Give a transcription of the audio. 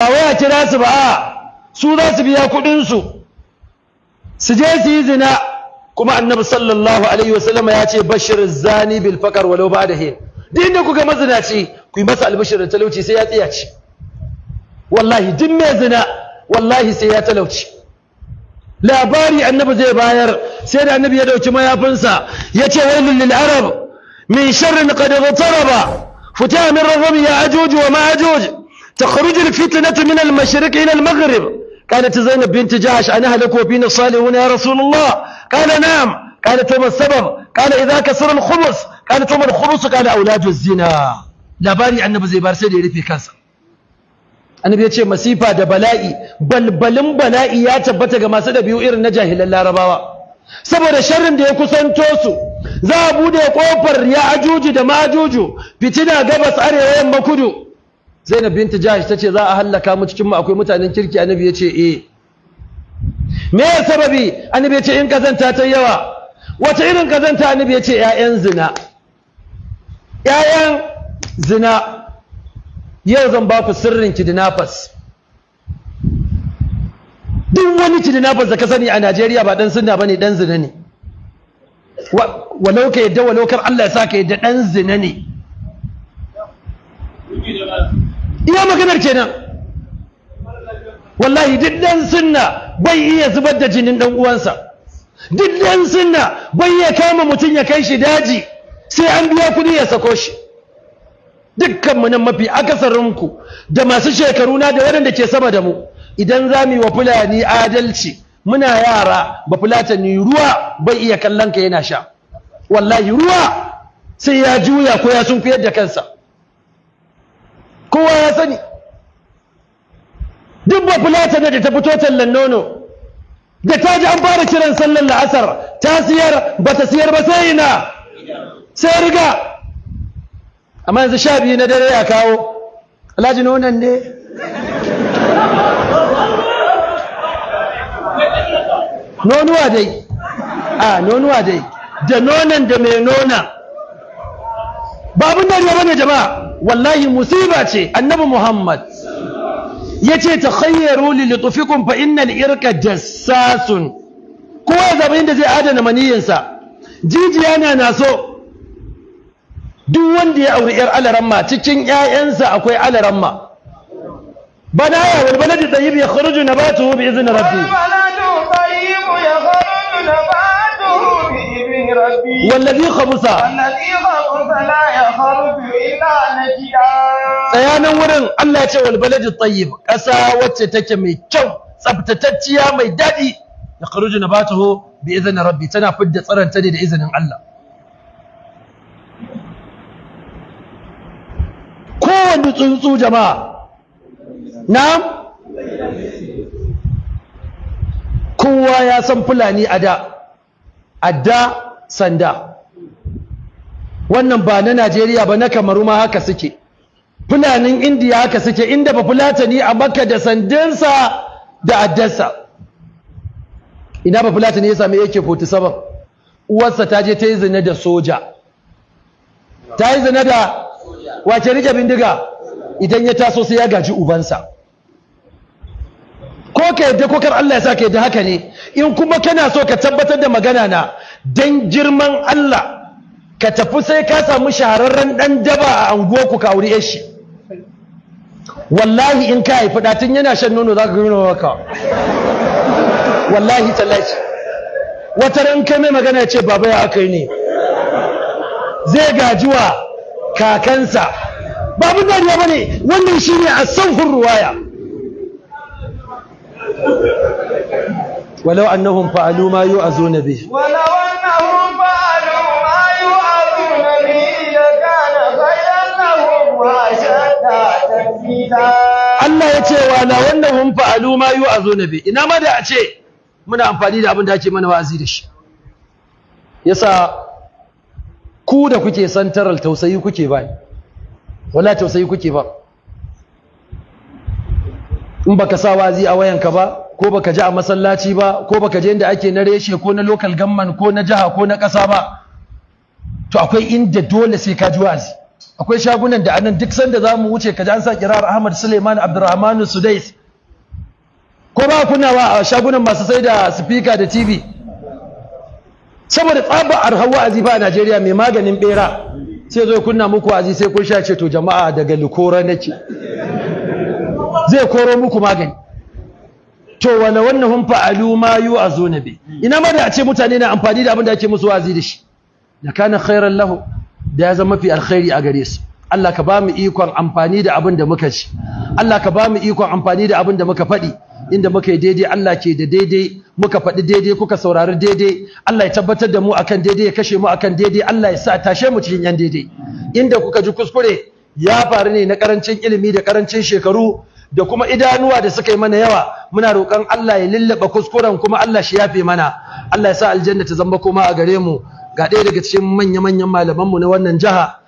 ba wai a kira su ba su za su biya kuɗinsu su je su yi zina kuma annabi sallallahu alaihi wasallam ya ce bashir zani bil fakar walau ba da hin Din inda kuka mazinaci ku yi masa albashir da talauci sai ya tsiyaci wallahi duk mai zina wallahi sai ya talauci labari annabi zai bayar sai da annabi ya dauki mayafinsa ya ce wailul lil arab min sharrin qad ghataraba futa min rahmi ya ajuj wa ma ajuj تخرج الفتنة من المشرق إلى المغرب قالت زينب بنت جاش أنا هلكوا بنا الصالحون يا رسول الله قال نعم قالت وما السبب قال إذا كسر الخبز قالت وما الخبز قال أولاد الزنا labari zai bar sai ya rufe kansa annabi ya ce masifa da bala'i balbalin bala'i ya tabbata ga masu dabi'u irin na jahilan larabawa saboda sharrin da ya kusanto su za a bude kofar ya ajuji da majuju fitina gabas arewa yamma kudu Zainab binti Jahsh tace za a hallaka mu cikin mu akwai mutanen kirki annabi yace eh me ya sababi annabi yace in kazanta ta yawa wace irin kazanta annabi yace ƴaƴan zina ƴaƴan zina yau zan ba ku sirrin kidnappers duk wani kidnappers da ka sani a Najeriya ba dan sunna bane dan zina ne walau ka yadda walau Allah ya saka yadda dan zina ne iya maganar kenan wallahi duk dan sunna bai iya zubar da jinin dan uwansa duk dan sunna bai iya kama mutum ya kai shi daji sai an biya kuɗi ya sako shi dukkanmu nan mafi akasarinku da masu shekaru na da waɗanda ke sama da mu idan za mu yi wa fulani adalci muna yara ba ni ruwa bai iya kallon ka yana sha wallahi ruwa sai ya juya ko ya sun da kansa kowa ya sani duk ba fulata da ta fito tallan nono da ta ji an fara kiran sallar la'asar ta siyar ba ta siyar ba sai ina sai riga amma yanzu sha biyu na dare ya kawo alhaji nonon ne nonuwa dai a nonuwa dai da nonon da mai nona babun da bane jama'a wallahi musiba ce annabi muhammad ya ce ta khayyaru lilitufikun fa innal irka jassasun kowa ya zaɓi inda zai adana maniyinsa jijiya na na so duk wanda ya auri yar alaramma cikin 'ya'yansa akwai alaramma bana ya wal baladu tayyib ya kharuju nabatuhu bi izni rabbi والذي خبث والذي خبث لا tsayanin wurin Allah ya ce wal baladu ƙasa wacce take mai kyau tsaftatacciya mai daɗi ya na nabatuhu bi izinin rabbi tana fidda tsaranta ne da izinin Allah kowanne tsuntsu jama'a na kowa ya san fulani a da sanda wannan ba na Najeriya ba na Kamaru ma haka suke fulanin indiya haka suke inda ba fulatani a makka da sandinsa da addarsa ina ba fulatani ya sami yake 47 uwarsa ta je ta yi zina da soja ta yi zina da wace rike bindiga idan ya taso sai ya gaji ubansa ko ka yadda ko kar Allah ya sa ka yadda haka ne in kuma kana so ka tabbatar da magana na dan girman Allah ka tafi sai ka samu shahararren ɗan daba a anguwar ku ka auri shi wallahi in ka haifi da tun yana shan nono zaka gano waka wallahi talaci. wata ran mai magana ce baba ya akai ne zai gajiwa kakansa babu dariya ne, wannan shine asafin ruwaya ولو أنهم a zo na biyu. Allah ya ce wa na wanda mun fa'alu ma na bi ina ma da a ce muna amfani da abin da ake mana wa'azi da shi yasa ku da kuke santaral tausayi kuke ba wala tausayi kuke ba in baka sa wa'azi a wayanka ba ko baka ji a masallaci ba ko baka je inda ake na reshe ko na local gamman, ko na jiha ko na ƙasa ba to akwai inda dole sai ka ji wa'azi akwai shagunan da anan duk sanda za mu wuce kaji an sa kirar Ahmad Suleiman Abdurrahmanu Sudais ko ba kunawa a shagunan masu sai da speaker da TV saboda tsaba arhawa azifa a Najeriya mai maganin bera sai zo kunna muku azi sai kun sha ce to jama'a daga likora nake zai koro muku magani to wala wannan fa'alu ma yu bi ina ma da a ce mutane na amfani da abin da ake musu wazi da shi da kana khairan lahu da ya zama mafi alkhairi a gare su Allah ka ba mu ikon amfani da abin da muka ci Allah ka ba mu ikon amfani da abin da muka faɗi inda muka yi daidai Allah ke da daidai muka faɗi daidai kuka saurari daidai Allah ya tabbatar da mu akan daidai ya kashe mu akan daidai Allah ya sa tashe mu cikin yan daidai inda kuka ji kuskure ya faru ne na karancin ilimi da karancin shekaru da kuma idanuwa da suka yi mana yawa muna roƙon Allah ya lillaba kuskuren kuma Allah shi yafe mana Allah ya sa aljanna ta zama kuma a gare mu ga ɗaya daga cikin manya-manyan malamanmu na wannan jiha